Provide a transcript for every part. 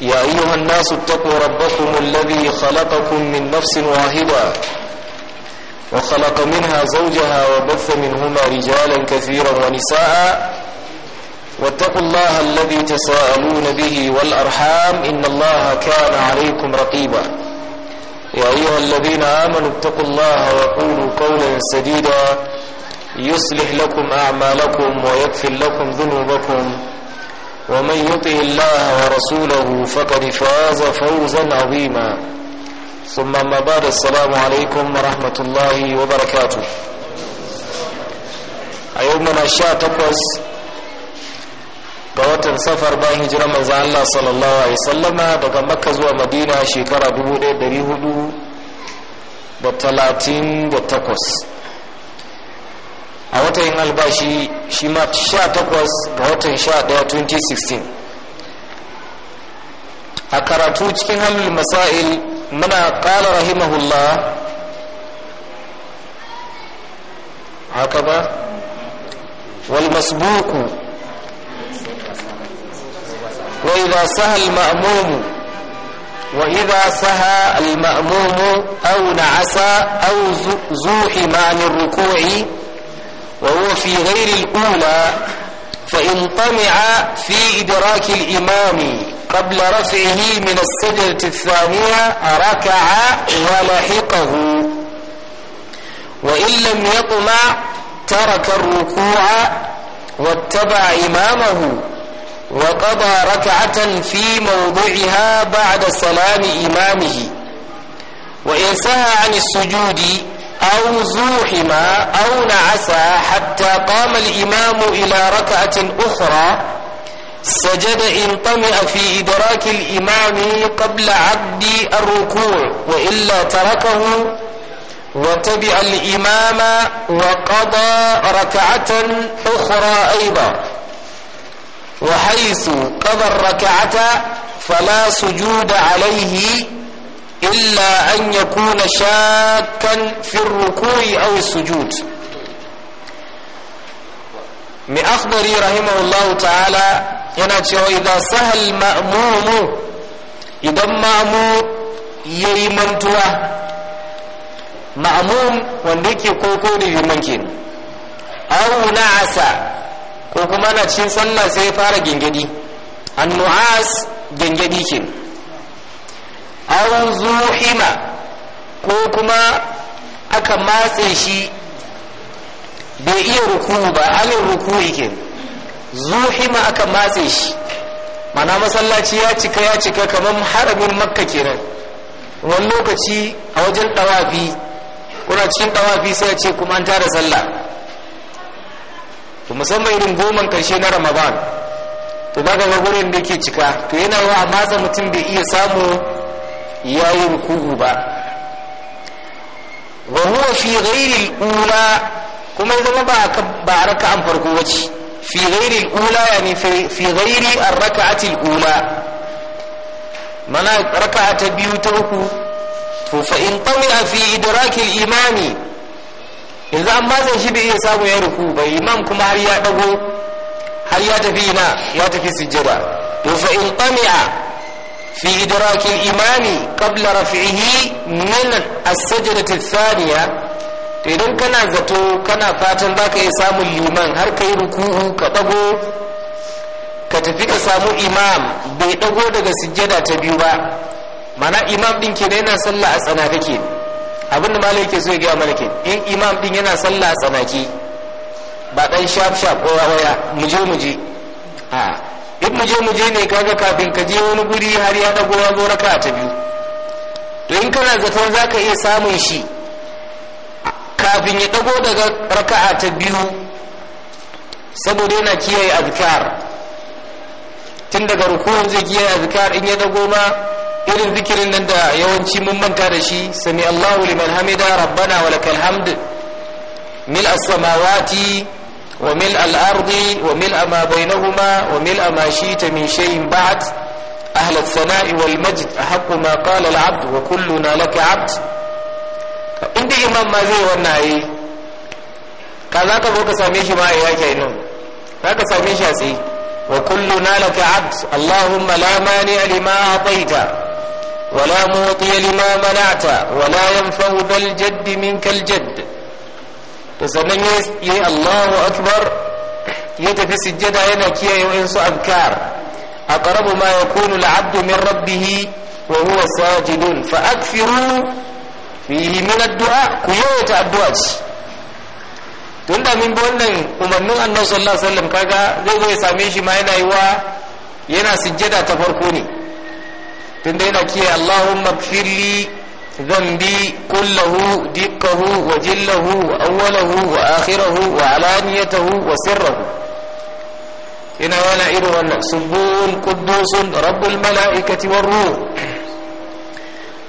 يا أيها الناس اتقوا ربكم الذي خلقكم من نفس واحدة وخلق منها زوجها وبث منهما رجالا كثيرا ونساء واتقوا الله الذي تساءلون به والأرحام إن الله كان عليكم رقيبا يا أيها الذين آمنوا اتقوا الله وقولوا قولا سديدا يصلح لكم أعمالكم ويكفر لكم ذنوبكم ومن يطع الله ورسوله فقد فاز فوزا عظيما ثم ما بعد السلام عليكم ورحمة الله وبركاته أيومنا شاء تقوز قوات سفر باه هجرة من الله صلى الله عليه وسلم daga Makka zuwa Madina shekara 1438 a watan albashi shi ma 18 ga watan 11 2016 a karatu cikin hamlin masail muna kala rahimahullah haka ba wal masbuku wa idha saha al ma'mum wa idha saha al ma'mum aw na'asa aw zuhima 'an ar-ruku'i وهو في غير الأولى فإن طمع في إدراك الإمام قبل رفعه من السجدة الثانية ركع ولحقه وإن لم يطمع ترك الركوع واتبع إمامه وقضى ركعة في موضعها بعد سلام إمامه وإن سهى عن السجود أو زوحم أو نعس حتى قام الإمام إلى ركعة أخرى سجد إن طمع في إدراك الإمام قبل عبد الركوع وإلا تركه وتبع الإمام وقضى ركعة أخرى أيضا وحيث قضى الركعة فلا سجود عليه إلا أن يكون شاكا في الركوع أو السجود مأخبري رحمه الله تعالى يناتي وإذا سهى المأموم إذا المأموم يمنتوه ma'amun wanda yake koko da liman kenan aw na'asa ko kuma na cikin sallah sai fara gengedi annu'as gengedi kenan aw zuhima ko kuma aka matse shi bai iya ruku ba halin ruku yake zuhima aka matse shi mana masallaci ya cika ya cika kamar harabin makka kenan wani lokaci a wajen tawafi kuna cikin tawafi sai ce kuma an tara sallah to musamman irin goman karshe na ramadan to ba ga gurin da ke cika to yana wa a matsa mutum bai iya samu ya yi ba wa huwa fi ghairi ula kuma zama ba ba farko wace fi ghairi ula yani fi ghairi ar ula mana raka'a ta biyu ta uku to fa in tawila fi idraki al yanzu an shi bai iya samu ya ruku ba imam kuma har ya dago har ya tafi ina ya tafi sujjada to fa in في إدراك الإيمان قبل رفعه من السجدة الثانية idan kana zato kana fatan za ka iya samun liman har ka yi ruku'u ka ɗago ka tafi ka samu imam bai ɗago daga sujjada ta biyu ba mana imam ɗin ke yana sallah a tsanake abin da malai ke so ya gaya mana ke in imam ɗin yana sallah a tsanaki. ba ɗan shaf shaf oya oya muje muje a duk muje muje ne kaga kafin ka je wani guri har ya dago ya zo raka ta biyu to in kana zaton zaka iya samun shi kafin ya dago daga raka'a ta biyu saboda yana kiyaye azkar tun daga rukun zai kiyaye azkar in ya dago ma irin zikirin nan da yawanci mun manta da shi sami Allahu liman hamida rabbana wa hamd mil as-samawati وملء الأرض وملء ما بينهما وملء ما شئت من شيء بعد أهل الثناء والمجد أحق ما قال العبد وكلنا لك عبد إنت إمام ما زي والنعي كذا كبوك سميش ما إياك إنه كذا سميش أسي وكلنا لك عبد اللهم لا مانع لما أعطيت ولا موطي لما منعت ولا ينفع ذا الجد منك الجد to sannan yi Allahu akbar ya tafi sujjada yana kiyaye wayansu a ƙarabu ma ya kunu la'abdu min rabbihi wa huwa sajidun fa akthiru fihi min addu'a ku ku yawaita addu'a tun da min wannan umarnin annabi sallallahu alaihi wasallam kaga zai zo ya same shi ma yana yi wa yana sujjada ta farko ne tun da yana kiyaye Allahu kfirli zan bi دقه وجله وأوله وآخره وعلانيته وسره إن akhirahu wa alaniyatahu wa sirrahu ina wana irin wannan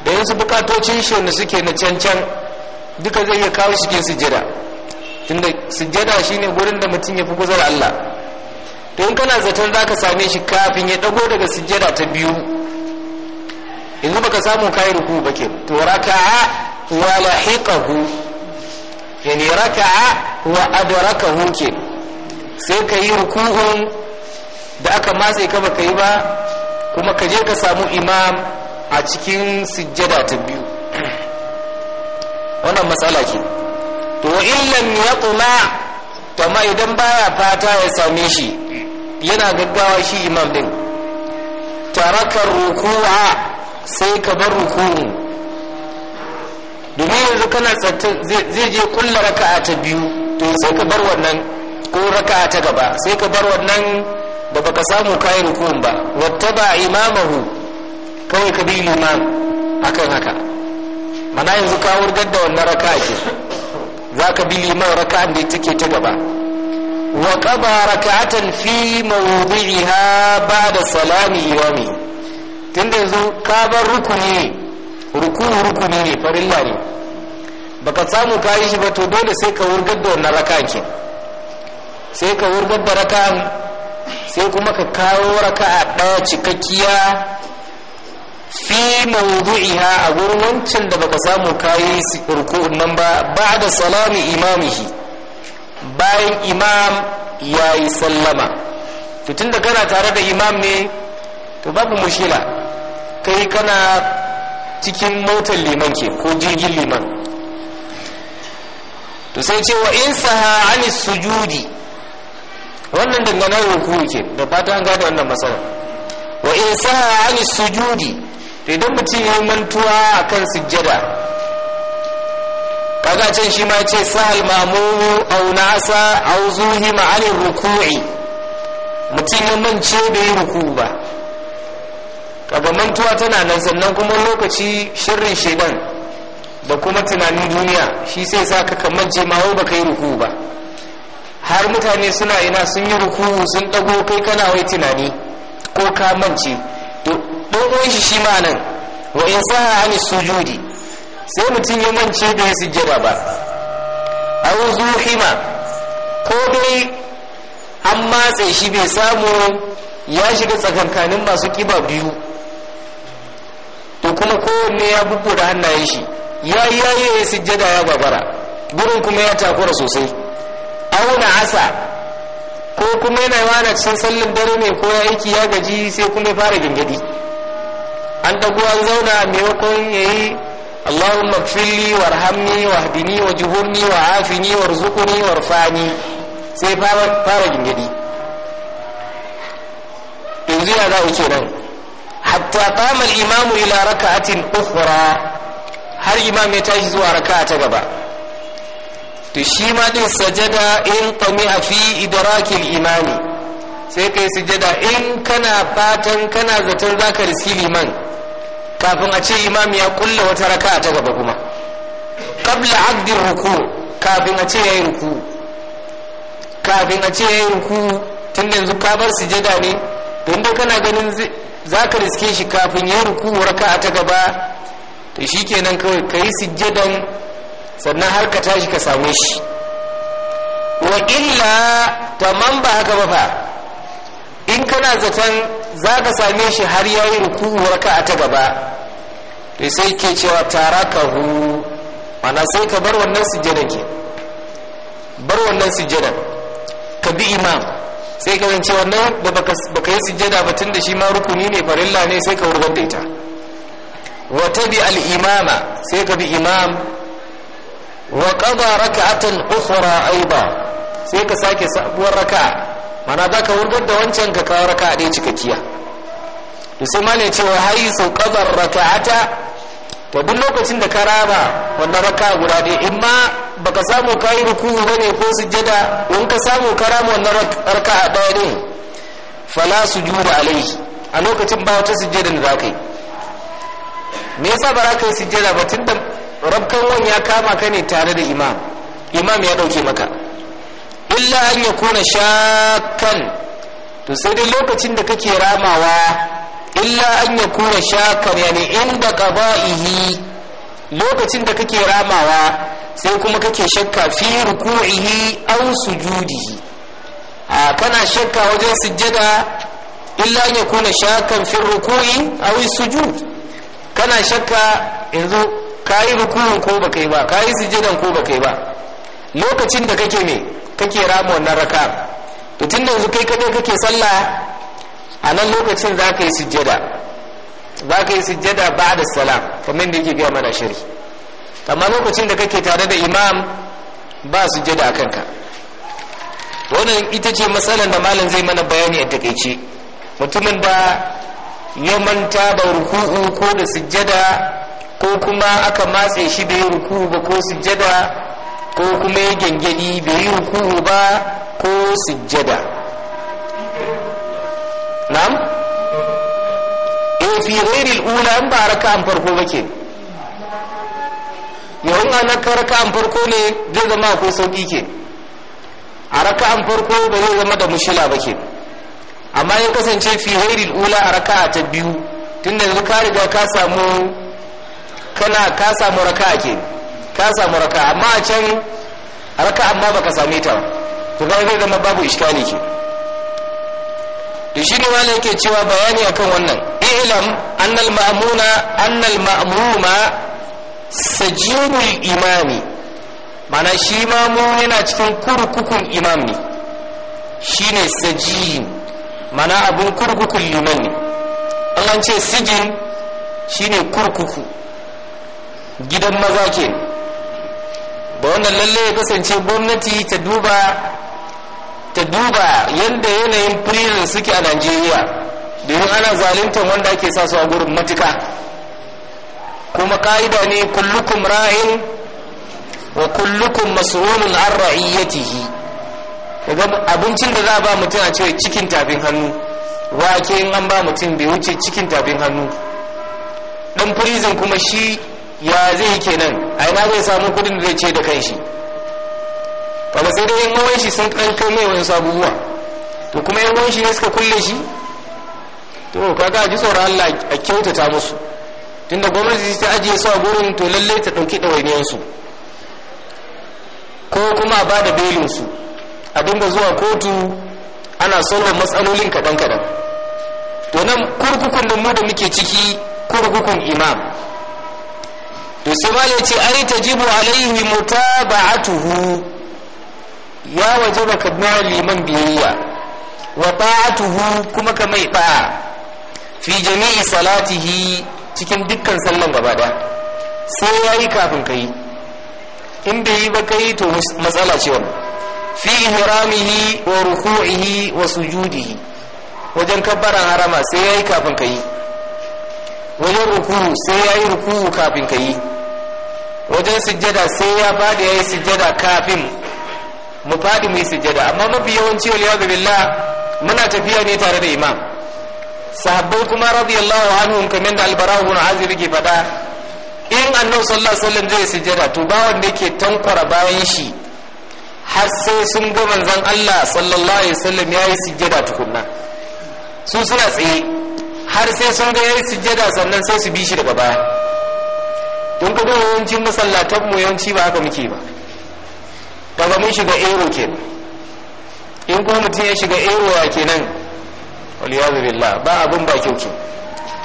da yanzu bukatocin shi wanda suke na can-can, duka zai iya kawo cikin sujada. tunda sujjada shine gurin da mutum ya fi guzar Allah to in kana zaton zaka same shi kafin ya dago daga sujada ta biyu yanzu baka samu kai ruku ba ke to raka'a wa lahiqahu yani raka'a wa adrakahu ke sai ka yi ruku'un da aka matse ka baka yi ba kuma ka je ka samu imam a cikin sujjada ta biyu wannan matsala ke to in lam to amma idan baya fata ya same shi yana gaggawa shi imam din taraka ruku'a sai ka bar rukunin domin yanzu kana zai je kulla raka'a ta biyu to sai ka bar wannan ko raka'a ta gaba sai ka bar wannan da baka samu kayan rukunin ba ba imamahu kawai ka bi liman akan haka mana yanzu ka wurgar da wannan raka'a ke za ka bi liman raka'an da take ta gaba wa fi ركعة ha ba da salami يومي tunda yanzu ka bar rukuni ne rukuni rukuni ne farilla ne baka samu kayi shi ba to dole sai ka wurgar da wannan raka ke sai ka wurgar da raka sai kuma ka kawo raka a ɗaya cikakkiya fi mawdu'iha a gurin wancan da baka samu kayi ruku'un nan ba ba da salami imamihi bayan imam yi sallama to tunda kana tare da imam ne to babu mushila. kai kana cikin motar liman ke ko jirgin liman to sai ce wa in saha ani sujudi wannan dangane ruku ke da fata an gada wannan matsala wa in saha ani sujudi to idan mutum ya mantuwa kan sujjada kaga can shi ma ce sahal mamumu au nasa au zuhi ma'anin ruku'i mutum ya mance bai ruku ba daga mantuwa tana nan sannan kuma lokaci shirin shaidan da kuma tunanin duniya shi sai sa ka kamar jemawa ba ka yi ruku ba har mutane suna ina sun yi ruku sun dago kai kana wai tunani ko ka mance ɗogon shi shi ma nan wa in saha ani sujudi sai mutum ya mance da ya sujjada ba a wuzu hima ko dai an matsa shi bai samu ya shiga tsakankanin masu kiba biyu kuma kowanne ya da hannayen shi ya yi ya yi sujjada ya babara gurin kuma ya takura sosai auna asa ko kuma yana yawa cikin sallin dare ne ko ya aiki ya gaji sai kuma ya fara gingadi an dago an zauna a maimakon ya yi allahumma fili warhamni wahdini wajhurni wa'afini warzuqni warfani sai fara gingadi yanzu ya za a nan hatta qama al-imam ila raka'atin ukhra har imam ya tashi zuwa raka ta gaba to shi ma din sajada in qami'a fi idrakil imami sai kai sujada in kana fatan kana zaton zaka riski liman kafin a ce imam ya kulla wata raka ta gaba kuma qabla aqdi ruku kafin a ce yayin ruku kafin a ce yayin ruku tun yanzu ka bar sujada ne don kana ganin za ka riske shi kafin ya ruku raka ta gaba ta shi kenan kawai ka yi sujjadan sannan har ka tashi ka same shi wa illa tamam ba haka ba fa in kana zaton za ka same shi har ya yi ruku raka ta gaba to sai ke cewa tara ka hu mana sai ka bar wannan sujjadan ke bar wannan ka bi imam sai ka wance wannan da baka yi sujjada ba tun da shi ma rukuni ne farilla ne sai ka wurgar da ita wa ta bi al'imama sai ka bi imam wa qada a ukhra aiba sai ka sake sabuwar raka'a mana za ka wurgar da wancan ka kawo raka'a ɗaya cikakkiya to sai ne cewa yi sau kabar raka'ata to duk lokacin da ka raba wannan raka'a guda ɗaya in ma baka samu kayi ruku'u bane ko sujjada in ka samu karamu wannan a daya ne fala sujuda alai a lokacin ba wata sujjada da kai me yasa ba za ka yi sujjada ba tunda rabkan wan ya kama ka ne tare da imam imam ya dauke maka illa an yakuna shakkan to sai dai lokacin da kake ramawa illa an yakuna shakkan yani inda qada'ihi lokacin da kake ramawa sai kuma kake shakka fi ruku'ihi aw sujudihi a kana shakka wajen sujjada illa ya kuna shakkan fi ruku'i aw sujud kana shakka yanzu kai ruku'un ko baka yi ba kai sujjadan ko baka yi ba lokacin da kake me kake rama wannan raka to tunda yanzu kai kadai kake sallah a nan lokacin za ka yi sujjada za ka yi sujjada ba da salam kamar da yake gaya mana shari'a amma lokacin da kake tare da imam ba su je a kanka wannan ita ce matsalar da malam zai mana bayani a takaice mutumin da ya manta ba ruku'u ko da sujjada ko kuma aka matse shi bai yi ruku'u ba ko sujjada ko kuma ya gyangyani bai yi ruku'u ba ko sujjada na'am in eh, fi ghairil ula an ba raka an farko ba yawon ana nan an farko ne zai zama ko sauƙi ke a raka an farko ba zai zama da mushila ba ke amma ya kasance fi hairil ula a raka ta biyu tun da ka riga ka samu kana ka samu raka ke ka samu raka amma a can raka'an ma baka same ta to ga zai zama babu iskali ke to shi ne wani yake cewa bayani akan wannan ilam annal ma'muna annal ma'muma sajinul imami mana shi mamu yana cikin kurkukun imami shi ne sajin mana abin kurkukun liman ne an ce sijin shi ne kurkuku gidan maza ke ba wannan lalle ya kasance gwamnati ta duba ta duba yadda yanayin prison suke a najeriya domin ana zaluntar wanda ake sasu a gurin matuka kuma ka'ida ne kullukum ra'in wa kullukum mas'ulun an ra'iyatihi daga abincin da za a ba mutum a cewa cikin tafin hannu ke in an ba mutum bai wuce cikin tafin hannu dan prison kuma shi ya zai yi kenan a na zai samu kudin da zai ce da kanshi ba sai dai yan shi sun kankan mai wani sabuwa to kuma yan shi ne suka kulle shi to kaga ji tsoron Allah a kyautata musu tunda gwamnati ta ajiye su a gurin to lallai ta ɗauki su ko kuma a ba da su a dinga zuwa kotu ana solon matsalolin kaɗan-kaɗan to nan kurkukun da mu da muke ciki kurkukun imam to sai ma ya ce ai ta jibu alaihi mutaba'atuhu ya waje ba ka liman biyayya wa ta'atuhu kuma ka mai ba'a fi jami'i salatihi cikin dukkan sallan gaba daya sai ya yi kafin ka yi in bai yi ba ka yi to matsala ce wani fi haramihi wa ruku'ihi wa sujudihi wajen kabbaran harama sai ya yi kafin ka yi wajen ruku'u sai ya yi ruku'u kafin ka yi wajen sujjada sai ya fadi ya yi sujjada kafin mu fadi mu sujjada amma mafi yawanci wal yadu muna tafiya ne tare da imam sahabbai kuma radiyallahu anhum kamar da albara na azir ke faɗa in annabi sallallahu alaihi wasallam zai sujjada to ba wanda yake tankwara bayan shi har sai sun ga manzon Allah sallallahu alaihi wasallam yi sujjada tukunna su suna tsaye har sai sun ga ya yi sujjada sannan sai su bi shi daga baya don ga yawancin masallatan mu yawanci ba haka muke ba daga mun shiga ero kenan in kuma mutum ya shiga ero ya kenan waliyazu billah ba abun ba kyautu to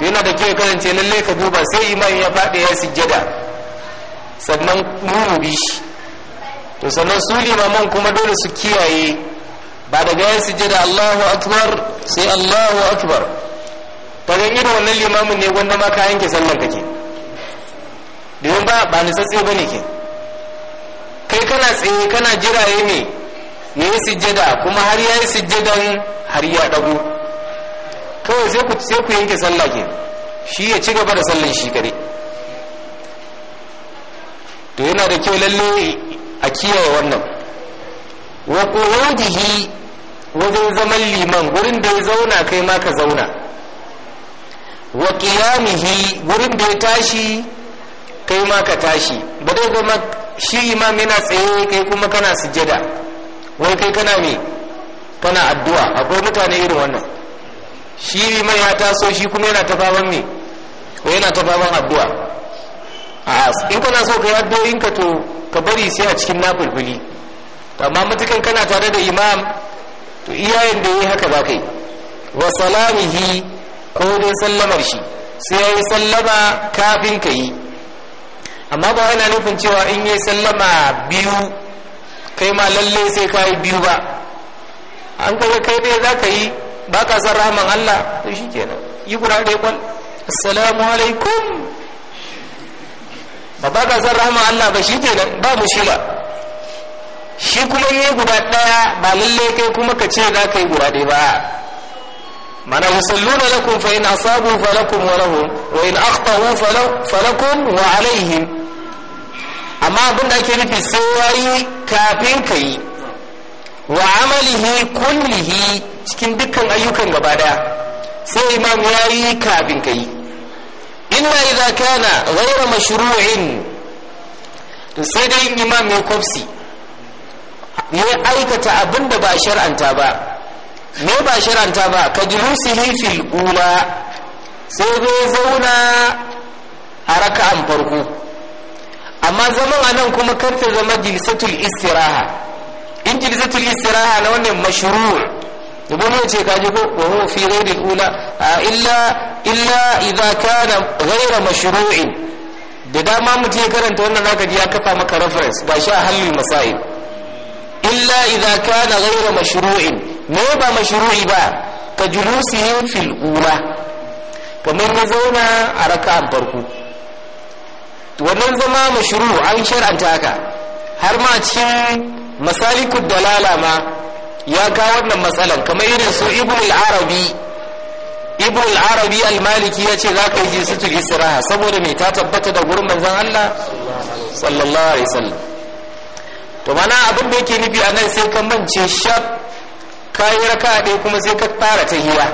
yana da kyau karance lalle ka duba sai imani ya faɗi ya sujjada sannan shi to sannan su limaman kuma dole su kiyaye ba daga ya sujjada Allahu akbar sai Allahu akbar ta ga irin wannan limamin ne wanda ma ka yanke sallan kake domin ba ba ni tsatsi bane ke kai kana tsaye kana jiraye ne yayi sujjada kuma har yayi sujjadan har ya dago kawai sai ku sai ku yanke sallah ke shi ya ci gaba da sallan shi kare to yana da kyau lalle a kiyaye wannan wa quwwatihi wajen zaman liman gurin da ya zauna kai ma ka zauna wa qiyamihi gurin da ya tashi kai ma ka tashi ba dai kuma shi imam yana tsaye kai kuma kana sujjada wai kai kana me kana addu'a akwai mutane irin wannan shi mai ya taso shi kuma yana ta faman me ko yana ta faman addu'a a in kana so ka yi addu'o'in ka to ka bari sai a cikin nafulfuli amma mutukan kana tare da imam to iyayen da yi haka ba kai wa salamihi ko dai sallamar shi sai ya sallama kafin ka yi amma ba yana nufin cewa in yi sallama biyu kai ma lalle sai ka yi biyu ba an kai kai dai za ka yi ba ka san rahaman Allah to shi kenan yi guda ɗaya kwal assalamu alaikum ba ba ka san rahaman Allah ba shi kenan ba mu shi ba shi kuma yi guda ɗaya ba lalle kai kuma ka ce za ka yi guda ɗaya ba mana na lakun fa in asabu falakum wa lahum wa in akhtahu falakum wa alaihim amma abin da ake nufi sai wayi kafin ka yi wa amalihi kullihi cikin dukkan ayyukan gaba daya sai imam ya yi kafin ka yi inna idza kana ghayra mashru'in to sai dai imam ya kofsi ya aikata abin da ba shar'anta ba me ba shar'anta ba ka rusuhi fil ula sai zai zauna a raka'an farko amma zaman anan kuma karfe zama jilsatul istiraha in jilsatul istiraha na wannan mashru' ibn ya ce kaji ko wa huwa fi ghairi ula illa illa idza kana ghaira mashru'in da dama mutum ya karanta wannan zaka ji ya kafa maka reference ba shi a halin masail illa idza kana ghaira mashru'in me ba mashru'i ba ka julusihim fil ula kamar ya zauna a raka'an farko wannan zama mashru an shar'anta haka har ma cikin masalikud dalala ma ya kawo wannan matsalar kamar irin su ibn al-arabi ibn al-arabi al-maliki ya ce za ka yi su istiraha saboda me ta tabbata da gurbin manzon Allah sallallahu alaihi wasallam to mana abin da yake nufi anan sai ka mance shaf kai raka dai kuma sai ka fara tahiya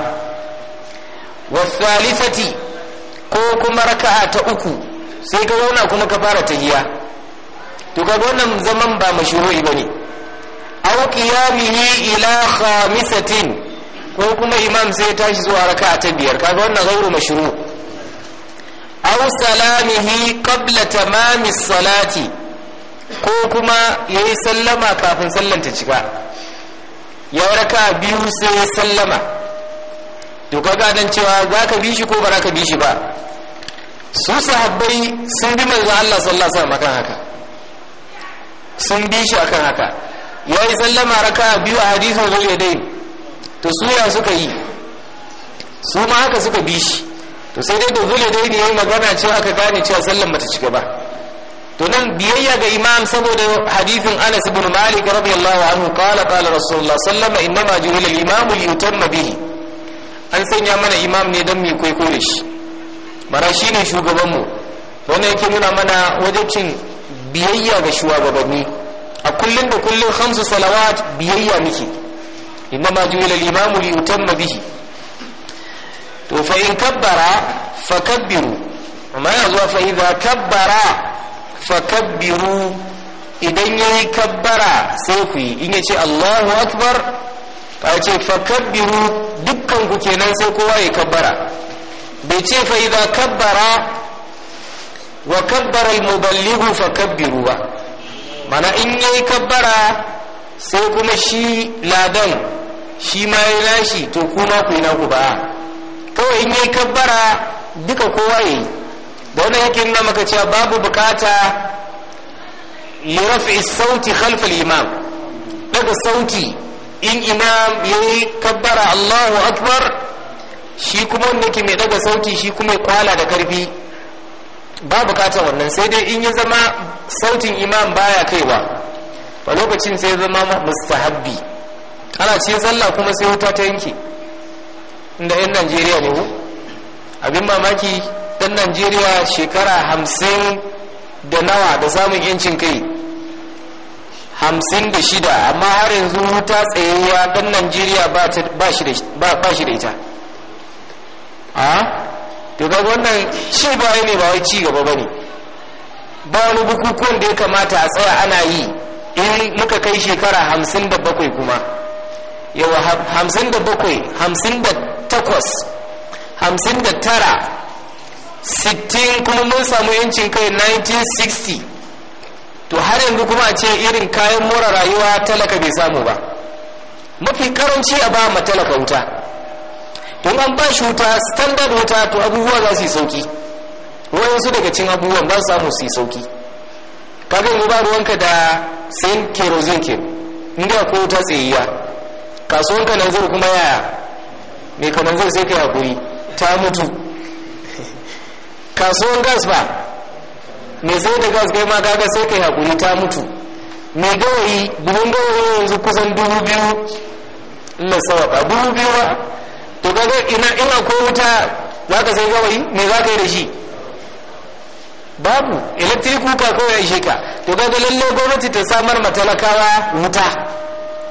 wa thalithati ko kuma raka'a ta uku sai ka zauna kuma ka fara tahiya to kaga wannan zaman ba mashruu'i bane aw qiyamihi ila khamisatin ko kuma imam sai tashi zuwa raka'a ta biyar kaga wannan gauru mashru aw salamihi qabla tamami salati ko kuma yayi sallama kafin sallan ta cika ya raka biyu sai ya sallama to kaga dan cewa zaka bi shi ko ba zaka bi shi ba su sahabbai sun bi manzo Allah sallallahu alaihi wasallam kan haka sun bi shi akan haka ya yi sallama raka biyu a hadisin dai to suya suka yi su ma haka suka bi shi to sai dai da dai ne ya yi magana cewa aka gane cewa sallan ta cigaba ba to nan biyayya ga imam saboda hadithin Anas ibn Malik radiyallahu anhu qala qala rasulullah sallama innama ju'ila al-imamu liyutamma bihi an sanya mana imam ne don mai kwaiko shi bara shine shugaban mu yake nuna mana cin biyayya ga shugabanni a kullum da kullum hamsu salawat biyayya miki inna ma ju'ila al li yutamma bihi to fa in kabbara kabiru amma ya zuwa fa idza kabbara kabbiru idan yayi kabbara sai ku yi in yace Allahu akbar a ce fa kabbiru dukkan ku kenan sai kowa ya kabbara bai ce fa idza kabbara wa kabbara al-muballighu fakabbiru ba mana in ya yi kabbara sai kuma shi ladan shi ma ya nashi to kuma ku yi naku ba kawai in ya yi kabbara duka kowa yi da wani yake nuna maka cewa babu bukata liraf'i sauti khalfal imam daga sauti in imam yi kabbara Allahu akbar shi kuma wanda ke mai daga sauti shi kuma ya kwala da karfi ba bukatar wannan sai dai in ya zama sautin imam baya kaiwa a lokacin sai zama mustahabbi ana ce sallah kuma sai wuta ta yanke inda yan najeriya ne abin mamaki dan najeriya shekara hamsin da nawa da samun yancin kai hamsin da shida amma har yanzu wuta tsayayya dan najeriya ba shi da ita ah? to ga wannan shi ba ne ba wai ci gaba bane ba wani bukukuwan da ya kamata a tsaya ana yi in muka kai shekara hamsin da bakwai kuma yawa hamsin da bakwai hamsin da takwas hamsin da tara sittin kuma mun samu yancin kai 1960 to har yanzu kuma a ce irin kayan mora rayuwa talaka bai samu ba mafi karanci a ba ma talaka wuta in an ba shi wuta standard wuta to abubuwa za su yi sauki wayansu daga cin abubuwan ba su samu su yi sauki kaga yanzu ba ruwanka da sayan kerosene ke inda ko wuta tsayayya kasuwanka nan zuru kuma yaya mai kanan zai sai kai hakuri ta mutu kasuwan gas ba mai sai da gas kai ma kaga sai kai hakuri ta mutu mai gawayi buhun gawayi yanzu kusan dubu biyu sawa sawaka dubu biyu ba to kaga ina ina ko wuta za ka sai gawayi me za ka yi da shi babu electric cooker ko ya ishe ka to kaga lallai gwamnati ta samar ma talakawa wuta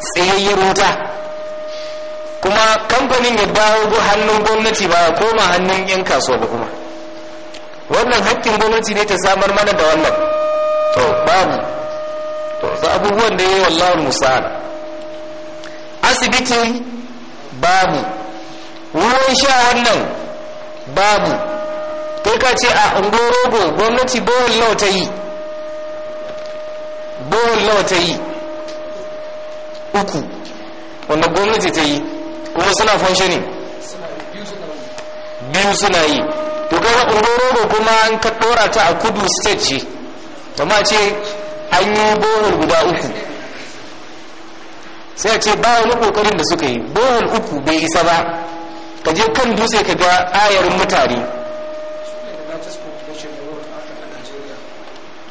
tsayayyar wuta kuma kamfanin ya dawo hannun gwamnati ba koma hannun yan kasuwa ba kuma wannan hakkin gwamnati ne ta samar mana da wannan to babu to za abubuwan da ya yi musa musa'an asibiti babu ruwan sha wannan babu kai ka ce a ungorogo gwamnati bohol nawa ta yi bohol nawa ta yi uku wanda gwamnati ta yi kuma suna functioning biyu suna yi to kai ungorogo kuma an ka dora ta a kudu state ce amma ce an yi guda uku sai a ce ba wani kokarin da suka yi bohol uku bai isa ba ka je kan dutse ka ga ayarin mutane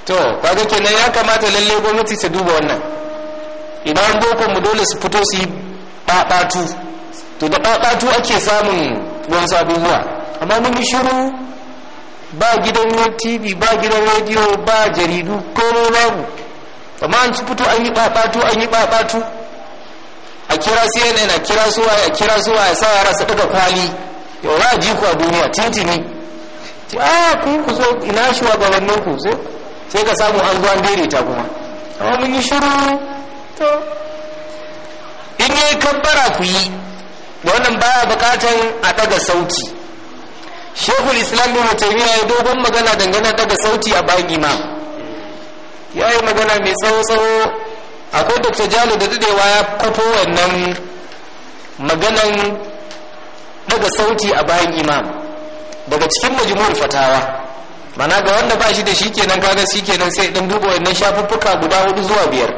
to kaga kenan ya kamata lalle gwamnati ta duba wannan idan boko mu dole su fito su yi babatu to da babatu ake samun wasu abubuwa amma mun yi shiru ba gidan tv ba gidan rediyo ba jaridu komai babu amma an fito an yi babatu an yi babatu a kira cnn a kira suwa a kira suwa ya sa yara su daga kwali yau za a ji ku a duniya tintini a ku ku zo ina shi wa gabanin ku zo sai ka samu an zuwa an daidaita kuma amma mun yi shiru to in yi kabbara ku yi wannan baya bukatan a daga sauti shekul islam bin taymiya ya dogon magana dangane daga sauti a bayan imam ya yi magana mai tsawo-tsawo akwai dr jalo da dadewa ya kwafo wannan maganan daga sauti a bayan imam daga cikin majmu'ul fatawa mana ga wanda ba shi da shi kenan kaga shi kenan sai dan duba wannan shafuffuka guda hudu zuwa biyar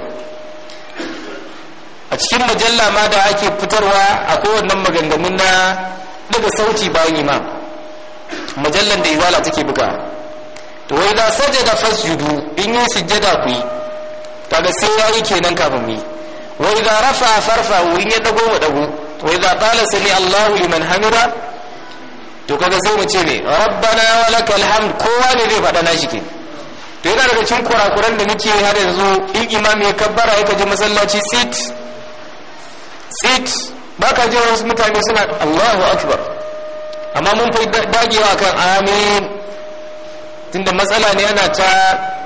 a cikin majalla ma da ake fitarwa a wannan maganganun na daga sauti bayan imam majallan da izala take buga to wai da sajada fasjudu in yi sujjada ku yi kaga sai yi kenan kafin mu yi wa idza rafa farfa wurin ya dago mu dago wa idza qala sami Allahu liman hamida to kaga sai mu ce ne rabbana wa lakal hamd kowa ne zai faɗa nashi ke to yana daga cikin kurakuran da muke har yanzu in imam ya kabbara ya kaje masallaci sit sit baka je wasu mutane suna Allahu akbar amma mun fi dagewa kan amin tunda matsala ne yana ta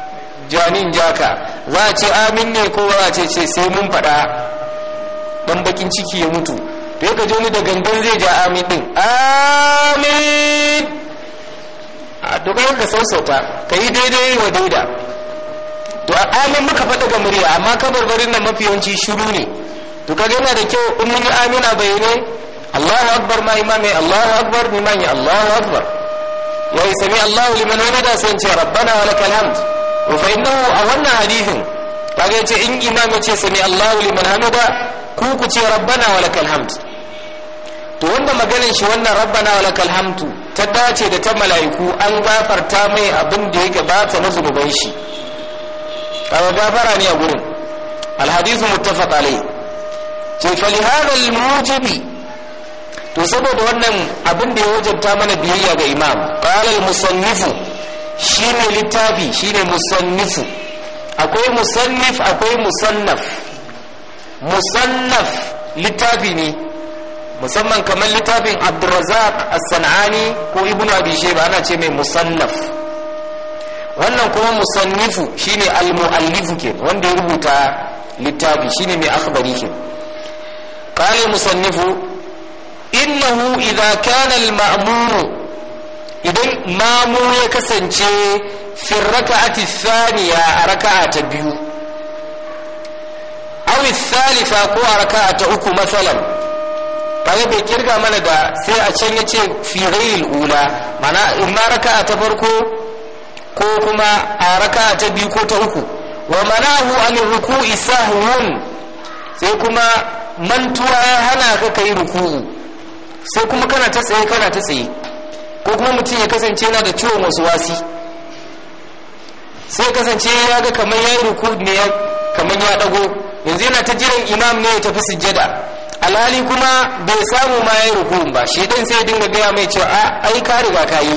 janin jaka za a ce amin ne ko za a ce ce sai mun faɗa dan bakin ciki ya mutu to ya gaji wani da gangan zai ja amin din amin a wani da sausauta ka yi daidai wa daida to a amin muka faɗa ga murya amma kabarbarin nan mafi yawanci shiru ne to kaga yana da kyau in mun yi amina bayyane Allahu akbar ma imami Allahu akbar mimani Allahu akbar wa sami Allahu liman hamida sai ce rabbana wa lakal hamd to fa a wannan hadisin kaga yace in imam yace sami Allahu liman ku ku ce rabbana walakal hamd to wanda maganin shi wannan rabbana walakal hamdu ta dace da ta mala'iku an gafarta mai abin da yake ba ta zunuban shi kaga gafara ne a gurin alhadisu muttafaq alai ce falihada almujibi to saboda wannan abin da ya wajabta mana biyayya ga imam qala almusannifu shi ne littafi shi ne musannifu akwai musannif akwai musannaf musannaf littafi ne musamman kamar littafin abdurrazak as-san'ani ko ibn abi shayba ana ce mai musannaf wannan kuma musannifu shine al-muallifu ke wanda ya rubuta littafi shi ne mai akhbari ke qala musannifu innahu idha kana al-ma'muru idan mamu ya kasance firraka raka'ati thaniya a raka'a ta biyu aw salifa ko a raka'a ta uku masalan bayan bai kirga mana da sai a can ya ce firayil ula mana in ma raka'a ta farko ko kuma a raka'a ta biyu ko ta uku wa mana manahu an isa hun sai kuma mantuwa ya hana ka kai ruku sai kuma kana ta tsaye kana ta tsaye ko kuma mutum ya kasance yana da ciwon wasu wasi sai kasance ya ga kamar ya yi ruku ne kamar ya dago yanzu yana ta jiran imam ne ya tafi sujjada alhali kuma bai samu ma ya yi ruku ba shi dan sai dinga gaya mai cewa a ai ka riga ka yi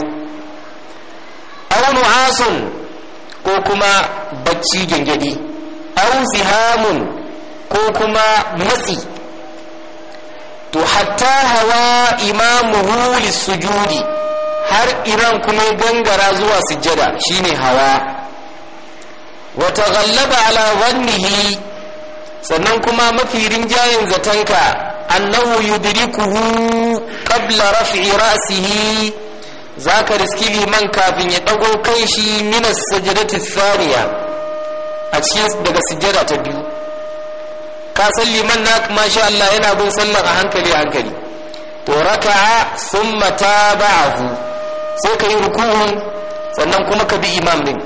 aunu nu'asun ko kuma bacci gengedi au zihamun ko kuma matsi to hatta hawa imamuhu sujudi har iran kuma gangara zuwa sujjada shine hawa wata ghallaba ala wannihi sannan kuma mafi rinjayen zatanka annahu yudrikuhu qabla raf'i ra'sihi zaka riski liman kafin ya dago kan shi min as-sajdati thaniya a cikin daga sujjada ta biyu ka san liman na masha Allah yana bin sallar a hankali a hankali to raka'a thumma tabahu sai ka yi ruku'u sannan kuma ka bi imam din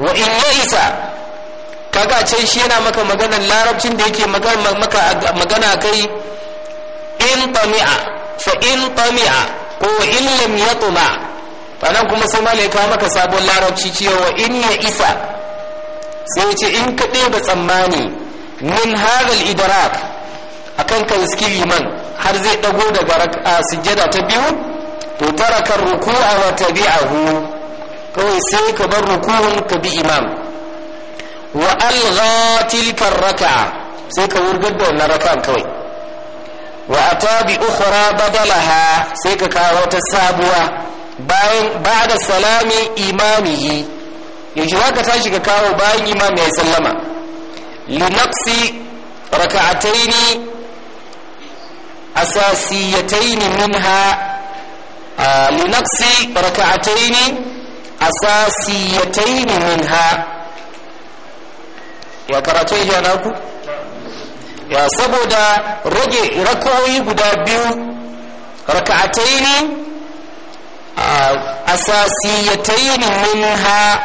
wa in isa kaga can shi yana maka maganar larabcin da yake magana kai in tami'a fa in tami'a ko in lam yatma nan kuma sai malaika maka sabon larabci cewa in ya isa sai ya ce in ka ɗeba tsammani min hadal idrak akan ka iski liman har zai ɗago daga sujjada ta biyu to taraka ruku'a wa tabi'ahu kawai sai ka bar ruku'un ka bi imam wa algha tilka raka'a sai ka wurgar da wannan raka'an kawai wa ata bi ukhra badalaha sai ka kawo ta sabuwa bayan ba'da salami imamihi yanzu haka tashi ka kawo bayan imam ya sallama linaqsi raka'ataini asasiyataini minha لنقص ركعتين أساسيتين منها يا كراتين يا ناكو ya saboda rage rakawoyi guda biyu raka'atai ne asasiyatai minha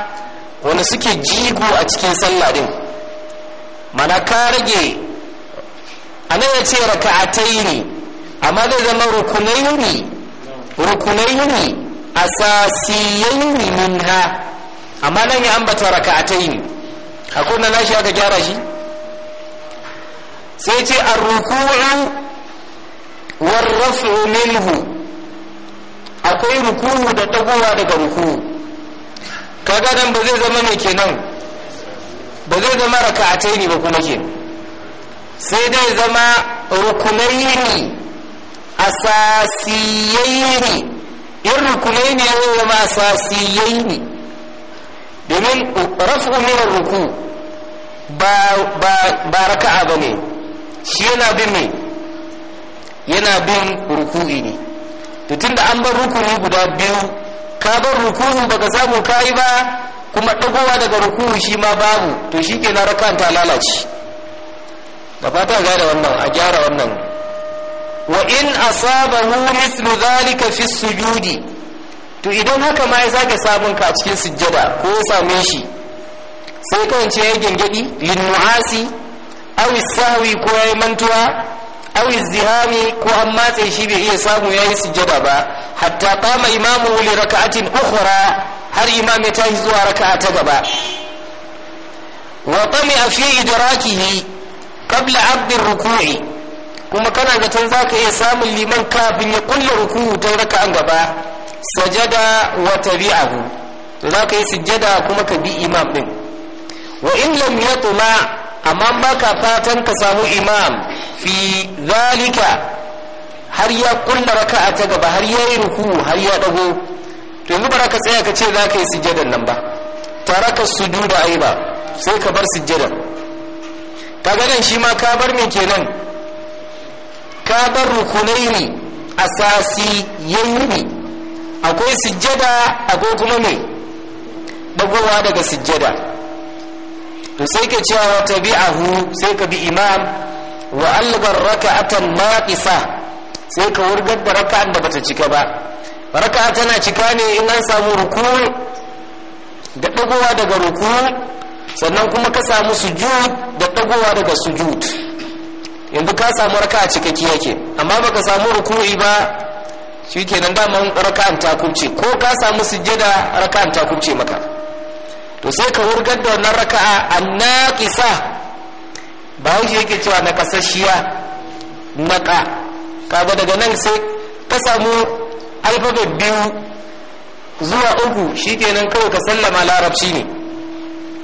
wanda suke jigo a cikin sallah din mana ka rage a ya ce raka'atai ne amma zai zama rukunai ne rukunaini asasiyaini minha amma nan ya ambata raka'ataini akwai na shi aka gyara shi sai ce ar-ruku'u war raf'u minhu akwai ruku'u da dagowa daga ruku'u kaga nan ba zai zama mai kenan ba zai zama raka'ataini ba kuma ke sai dai zama rukunaini asasiyai ne in rukunai ne ya zama asasiyai ne domin rafu min ruku ba raka'a ba ne shi yana bin ne yana bin ruku'i ne to tunda an bar rukuni guda biyu ka bar ruku'u baka samu kayi ba kuma dagowa daga ruku'u shi ma babu to shi ke na raka'an ta lalace da fata da wannan a gyara wannan wa in asabahu mithlu dhalika fi sujudi to idan haka ma ya zaka samun ka a cikin sujjada ko ya same shi sai kawai ce ya gengedi lin nu'asi aw sahwi ko ya mantuwa aw izdihami ko an matse shi bai iya samu yayi sujjada ba hatta qama imamu li raka'atin ukhra har imam ya tashi zuwa raka'a ta gaba wa tami'a fi idrakihi qabla 'abd ar-ruku'i kuma kana zaton za ka iya samun liman kafin ya kulla ruku don an gaba sajada wa tabi'ahu za ka yi sujjada kuma ka bi imam din wa in lam yatma amma ba ka fatan ka samu imam fi zalika har ya kulla a ta gaba har ya yi ruku har ya dago to yanzu ba ka tsaya ka ce za ka yi sujjadan nan ba taraka sujuda ai ba sai ka bar sujjadan ka ganin shi ma ka bar me kenan ka bar rukunai ne asasi ne akwai sujjada akwai kuma mai bagowa daga sujjada to sai ka cewa tabi'ahu sai ka bi imam wa algar raka'atan maɗisa sai ka wurgar da raka'an da bata cika ba raka'a tana cika ne in an samu ruku da ɗagowa daga ruku sannan kuma ka samu sujud da ɗagowa daga sujud yanzu ka samu raka a cikakki yake amma baka samu ruku'i ba shi kenan daman raka'an ta kubce ko ka samu sujjada raka'an ta kubce maka to sai ka wurgar da wannan raka'a annaqisa ba wuce yake cewa na kasashiya naka kaga daga nan sai ka samu alfabet biyu zuwa uku shi kenan kawai ka sallama larabci ne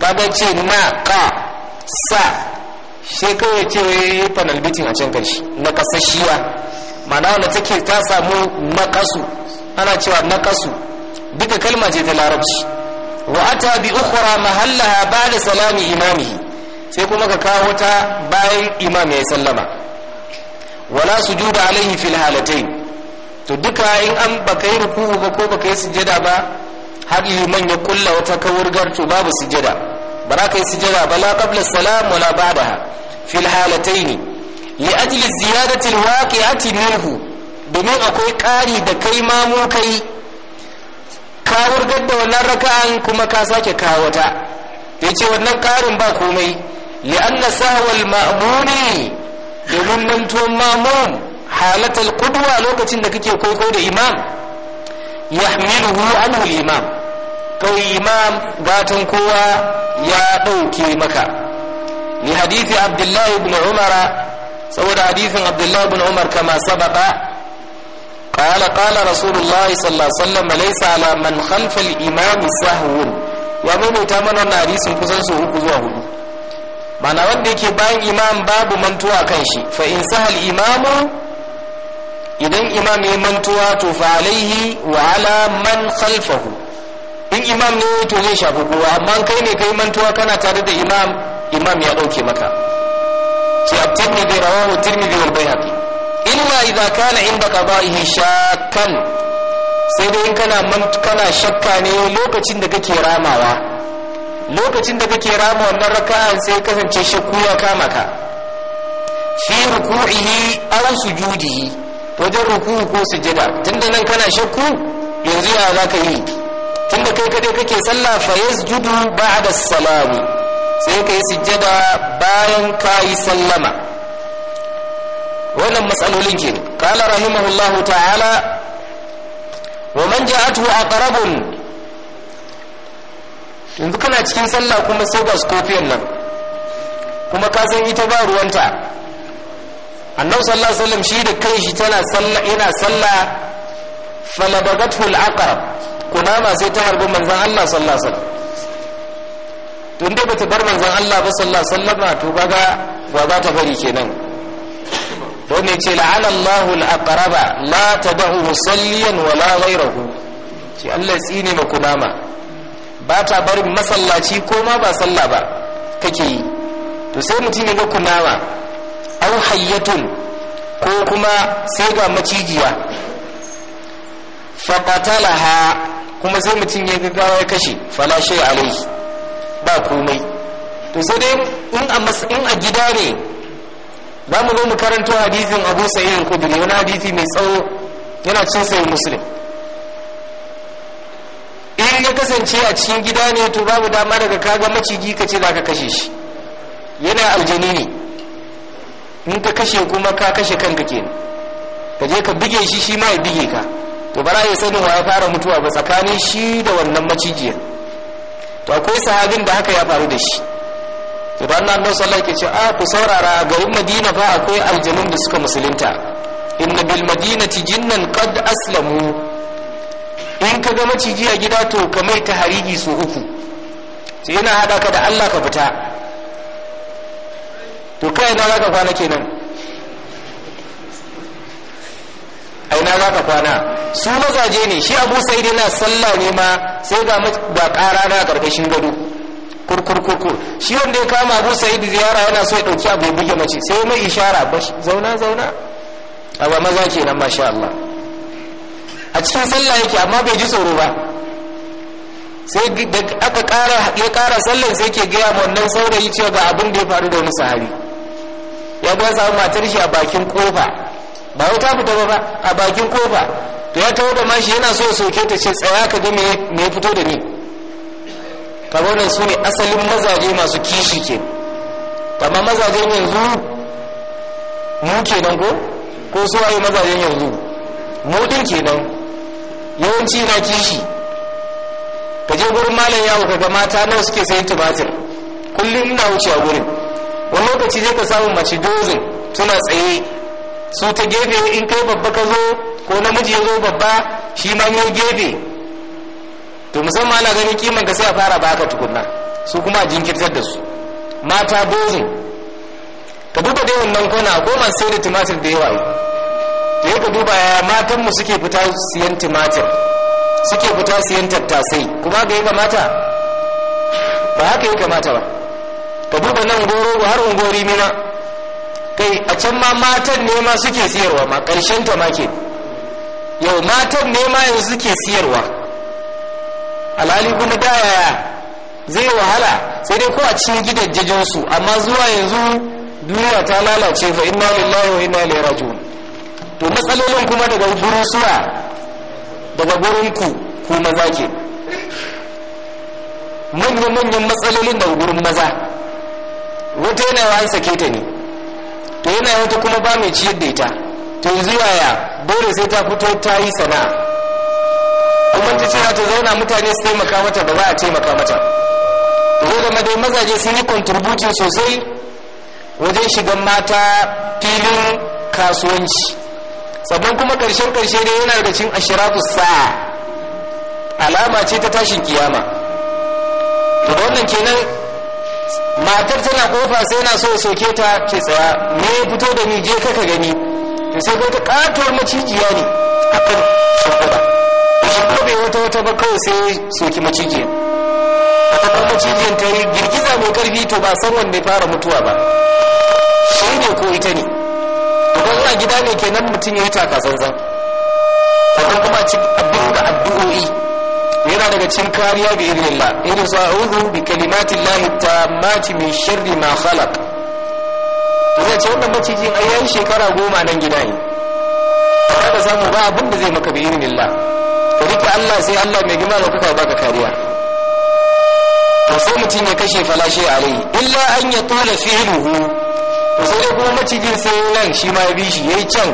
kaga ce na ka sa sai kawai ce wai panel bitin a can karshe na kasashiya mana wanda take ta samu nakasu ana cewa nakasu duka kalma ce ta larabci wa ata bi ukhra mahallaha ba'da salami imamihi sai kuma ka kawo ta bayan imam ya sallama wala sujuda alaihi fil halatayn to duka in an baka yi ruku ko baka yi sujada ba har liman ya kulla wata kawurgar to babu sujada ba za ka yi sujada ba la qabla salam wala ba'daha fil halatayn li ajli ziyadati al waqi'ati minhu domin akwai ƙari da kai ma mu kai ka wurgar da wannan raka'an kuma ka sake kawo ta yace wannan ƙarin ba komai li anna sahwal ma'muni domin tuwon mamun halatal qudwa lokacin da kake kwaikwayo da imam yahmiluhu anhu al imam kawai imam gatan kowa ya ɗauke maka ni hadisi abdullahi ibn umara saboda hadithin abdullahi ibn umar kama sababa قال قال رسول الله صلى الله عليه وسلم ليس على من خلف الامام سهو يا من تمنى حديث كسان سو uku zuwa hudu mana wanda yake bayan imam babu mantuwa kan shi fa in sa al idan imam yayi mantuwa to fa alaihi wa ala man khalfahu in imam ne to zai shafi kowa amma kai ne kai mantuwa kana tare da imam imam ya dauke maka sai da rawa rawahu tirmi da wal bayhaqi illa idan kana inda qada'ihi shakan sai dai in kana kana shakka ne lokacin da kake ramawa lokacin da kake rama wannan raka'an sai kasance shakku ya kama ka fi ruku'ihi aw sujudihi wajen ruku ko sujada tunda nan kana shakku yanzu ya zaka yi tun da kai kaɗai kake sallah fa yasjudu ba'da salamu sai ka yi sujjada bayan ka yi sallama wannan matsalolin ke kala rahimahullahu ta'ala wa man ja'atuhu aqrabun yanzu kana cikin sallah kuma sai ga scorpion nan kuma ka san ita ba ruwanta annabi sallallahu alaihi wasallam shi da kai tana sallah yana sallah falabagathu al-aqrab kunama sai ta harbi manzan Allah sallallahu tun da bata bar manzan Allah ba sallallahu alaihi wasallam to kaga za ta bari kenan don ne ce la'ana Allahu aqraba la tad'u musalliyan wa la ghayrahu ce Allah tsine ma kunama ba ta barin masallaci ko ma ba sallah ba kake yi to sai mutum ya ga kunama au hayyatun ko kuma sai ga macijiya faqatalaha kuma sai mutum ya gaggawa ya kashe falashe a ba komai to sai dai in a gida ne za mu zo mu karanto hadisin Abu Sa'id al-Khudri wani hadisi mai tsawo yana cin sai Muslim in ya kasance a cikin gida ne to babu dama daga kaga maciji ka ce za ka kashe shi yana aljini ne in ka kashe kuma ka kashe kanka kenan ka je ka buge shi shi ma ya buge ka to bara ya sani wa ya fara mutuwa ba tsakanin shi da wannan macijiyar to akwai sahabin da haka ya faru da shi to da nan Allah ke ce a ku saurara a garin Madina fa akwai aljanun da suka musulunta inna bil madinati jinnan qad aslamu in ka ga maciji a gida to ka ta harigi su uku sai yana hada ka da Allah ka fita to kai na ka kwana kenan aina za ka kwana su mazaje ne shi abu sai dai na sallah ne ma sai ga ba ƙara na ƙarƙashin gado kurkurkurkur shi wanda ya kama abu sai da ziyara yana so ya ɗauki abu ya buge mace sai mai ishara ba zauna zauna a ba maza ke nan masha Allah a cikin sallah yake amma bai ji tsoro ba sai da aka ƙara ya ƙara sallan sai ke gaya wannan saurayi cewa ga abin da ya faru da wani sahari ya ba sa matar shi a bakin kofa ba wai ta fita ba a bakin kofa to ya taho da mashi yana so ya soke ta ce tsaya ka ga me ya fito da ni kamar nan su ne asalin mazaje masu kishi ke amma mazajen yanzu mu kenan ko ko su waye mazajen yanzu mu din kenan yawanci na kishi ka je gurin malam yawo ga mata nawa suke sayin tumatir kullum ina wuce a gurin wani lokaci zai ka samu mace dozin suna tsaye su ta gefe in kai babba ka zo ko namiji ya zo babba shi ma ya gefe to musamman ana ganin kiman ka sai a fara baka tukunna su kuma a jinkirtar da su mata bozin ka duba dai wannan kwana ko masu sai da tumatir da yawa to ya ka duba ya matanmu suke fita siyan tumatir suke fita siyan tattasai kuma ga yi kamata ba haka yi kamata ba ka duba nan goro har ungori mina kai a can ma matan ne suke siyarwa ma ƙarshen ta make yau matan nema ma yanzu suke siyarwa alhali kuma da yaya zai wahala sai dai ko a cikin su amma zuwa yanzu duniya ta lalace fa inna lillahi wa inna ilaihi raji'un to matsalolin kuma daga gurin suwa daga gurin ku ku maza ke manyan manyan matsalolin daga gurin maza wata yana an sake ta ne yana wata kuma ba mai ciyar da ita to yanzu yaya dole sai ta fito ta yi sana'a kuma ta cewa ta zauna mutane su taimaka mata ba za a taimaka mata to zai dai mazaje sun yi contribution sosai wajen shigan mata filin kasuwanci sabon kuma karshen karshe dai yana daga cin ashiratu sa'a alama ce ta tashin kiyama to wannan kenan matar tana kofa sai yana so soke ta ce tsaya me ya fito da ni je kaka gani sai ko ta katuwar macijiya ne a kan shimfiɗa ba kobe wata wata ba kawai sai soki macijiya ta kan macijiyan ta yi girgiza mai karfi to ba san wanda ya fara mutuwa ba shi ne ko ita ne to ba gida ne kenan mutum ya yi taka zanzan sannan kuma abin da addu'o'i yana daga cikin kariya bi idnillah irin sa a'udhu bi kalimati ta mati min sharri ma khalaq to zai ce wannan macijin ai shekara goma nan gida ne kada samu ba abin da zai maka bi idnillah Ka rike Allah sai Allah mai girma kuka baka kariya to sai mutum ya kashe falashe rai. illa an ya tula fi'luhu to sai kuma macijin sai nan shi ma ya bi shi yayi can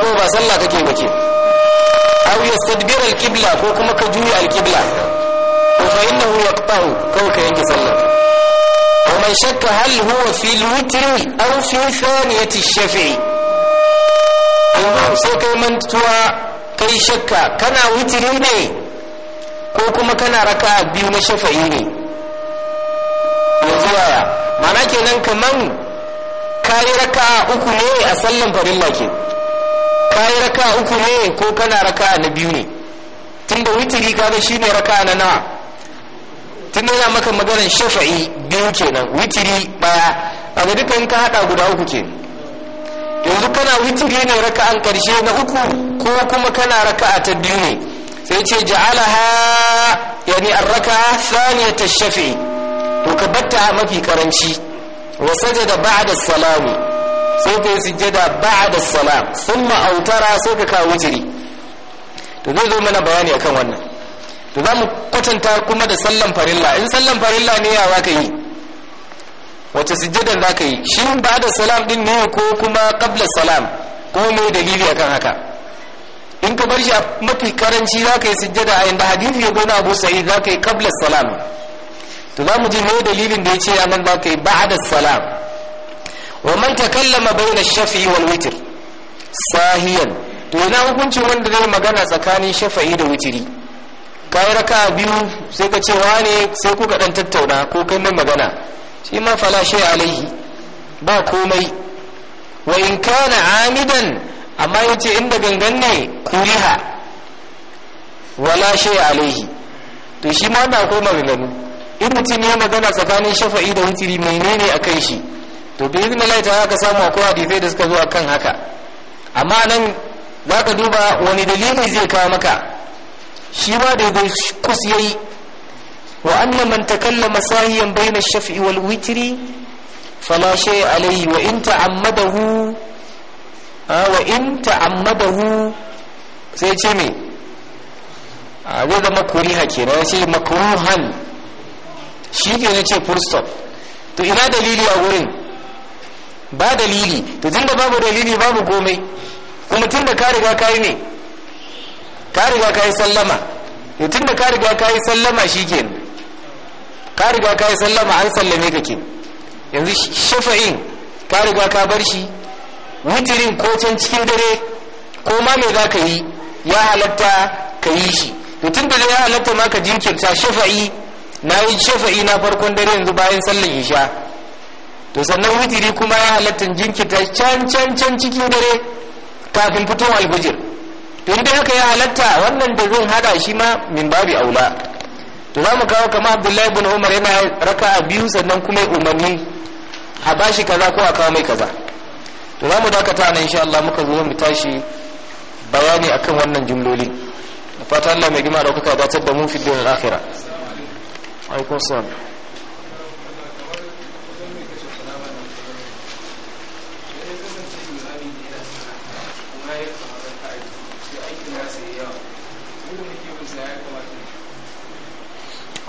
ko ba sallah kake ba ke aw yastadbir al ko kuma ka juya al-qibla to fa innahu yaqta'u kawai ka yanke sallar wa man shakka hal huwa fi al-witri aw fi thaniyati ash-shafi'i sai kai mantuwa kai shakka kana witri ne ko kuma kana raka biyu na shafa'i ne yanzu waya ma'ana kenan kaman kayi raka uku ne a sallan farilla ke kayi raka uku ne ko kana raka na biyu ne tun da witiri kaga ne raka na nawa tun yana maka maganar shafa'i biyu kenan witiri baya kaga dukan ka hada guda uku ke yanzu kana witiri ne raka an karshe na uku ko kuma kana raka ta biyu ne sai ce ha yani arraka thaniyat ta shafii to ka batta mafi karanci wa sajada ba'da salami sai ka yi sujjada da sala sun autara sai ka kawo jiri to zai zo mana bayani akan wannan to za mu kwatanta kuma da sallan farilla in sallan farilla ne ya ka yi wace sujjada za ka yi shi ba da salam din ne ko kuma kabla salam ko ne dalili akan haka in ka bar shi a mafi karanci za ka yi sujjada a yadda hadisi ya gona abu sa'id za ka yi kabla salam to za mu ji mai dalilin da ya ce nan za ka yi da salam wa man takallama bayna shafi wal witr sahiyan to ina hukuncin wanda zai magana tsakanin shafa'i da witri kai raka biyu sai ka ce wane sai kuka dan tattauna ko kai mai magana shi ma fala shay alaihi ba komai wa in kana amidan amma yace inda gangan ne kuriha wala shay alaihi to shi ma na koma ganganu in mutum ya magana tsakanin shafa'i da witri menene akan shi to bi ibn Allah ta samu akwai hadisai da suka zo akan haka amma nan za ka duba wani dalili zai kawo maka shi ba da ya kus wa anna man takallama sahiyan bayna shafi wal witri fala shay alayhi wa in ta'ammadahu wa in ta'ammadahu sai ce me a zai zama kuriha kenan sai makruhan shi ke na ce full stop to ina dalili a wurin ba dalili to tunda babu dalili babu komai kuma tunda ka riga ka yi ne ka riga ka yi sallama to tunda ka riga ka yi sallama shikenan ka riga ka yi sallama an sallame ka ke yanzu shafa'in ka riga ka bar shi mutirin ko can cikin dare ko ma me za ka yi ya halatta ka yi shi to tunda ya halatta ma ka jinkirta shafa'i na yi shafa'i na farkon dare yanzu bayan sallan isha to sannan witiri kuma ya halatta jinkita can can can cikin dare kafin fito albujir to inda haka ya halatta wannan da zan hada shi ma min babi aula to za mu kawo kama abdullahi bin umar yana raka a biyu sannan kuma umarni a bashi kaza ko a kawo mai kaza to za mu dakata nan insha Allah muka zo mu tashi bayani akan wannan jumlolin fata Allah mai gima da kuka datar da mu fi dunya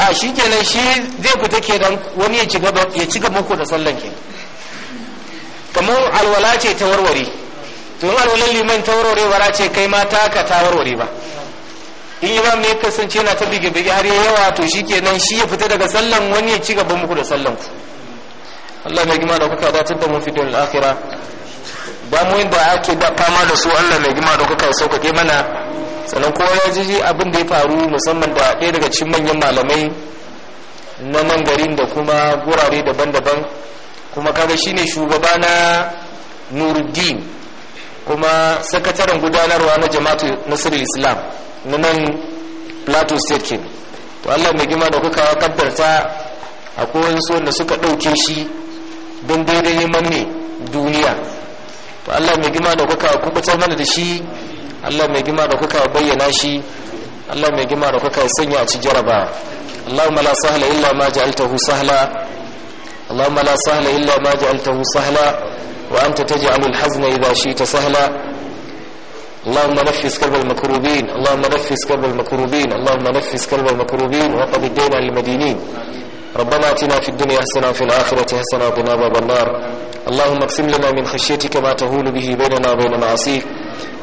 a shi kenan shi zai fita kenan wani ya ci gaba ko da sallan ke kamar alwala ce ta warware to alwalar liman ta warware wara ce kai ma ta ka ta warware ba in mu ne kasance yana ta bige bige har yawa to shi kenan shi ya fita daga sallan wani ya ci gaba muku da sallan ku Allah mai gima da kuka datar da mu fi da akhira ba mu yin da ake da fama da su Allah mai gima da kuka sauƙaƙe mana sannan kowa ya ji abin da ya faru musamman da ɗaya daga cikin manyan malamai na nan garin da kuma gurare daban-daban kuma kaga shine shugaba na nuruddin kuma sakataren gudanarwa na jama'atu nasarar islam na nan plato state to allah mai gima da kuka kaddarta akwai wasu wanda suka ɗauke shi don daidai neman ne duniya to allah mai gima da kuka kubutar mana da shi Allah mai gima da kuka bayyana shi Allah mai gima da kuka sanya a ci jaraba Allahumma la sahla illa ma ja'altahu sahla Allahumma la sahla illa ma ja'altahu sahla wa anta taj'alul hazna idha shi'ta sahla اللهم نفس كرب المكروبين اللهم نفس كرب المكروبين اللهم نفس كرب المكروبين وقد الدين للمدينين ربنا اتنا في الدنيا حسنه وفي الاخره حسنه وقنا باب النار اللهم اقسم لنا من خشيتك ما تهول به بيننا وبين معاصيك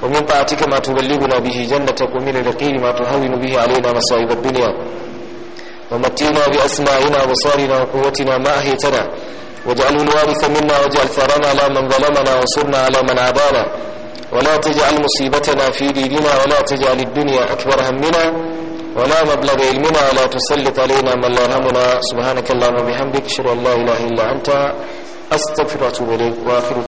ومن طاعتك ما تبلغنا به جنتك ومن اليقين ما تهون به علينا مصائب الدنيا ومتينا بأسماعنا وصارنا وقوتنا ما أهيتنا واجعل الوارث منا واجعل ثرنا على من ظلمنا وانصرنا على من عادانا ولا تجعل مصيبتنا في ديننا ولا تجعل الدنيا أكبر همنا ولا مبلغ علمنا ولا تسلط علينا من لا يرحمنا سبحانك اللهم وبحمدك اشهد ان لا اله الا انت استغفرك واتوب اليك واخر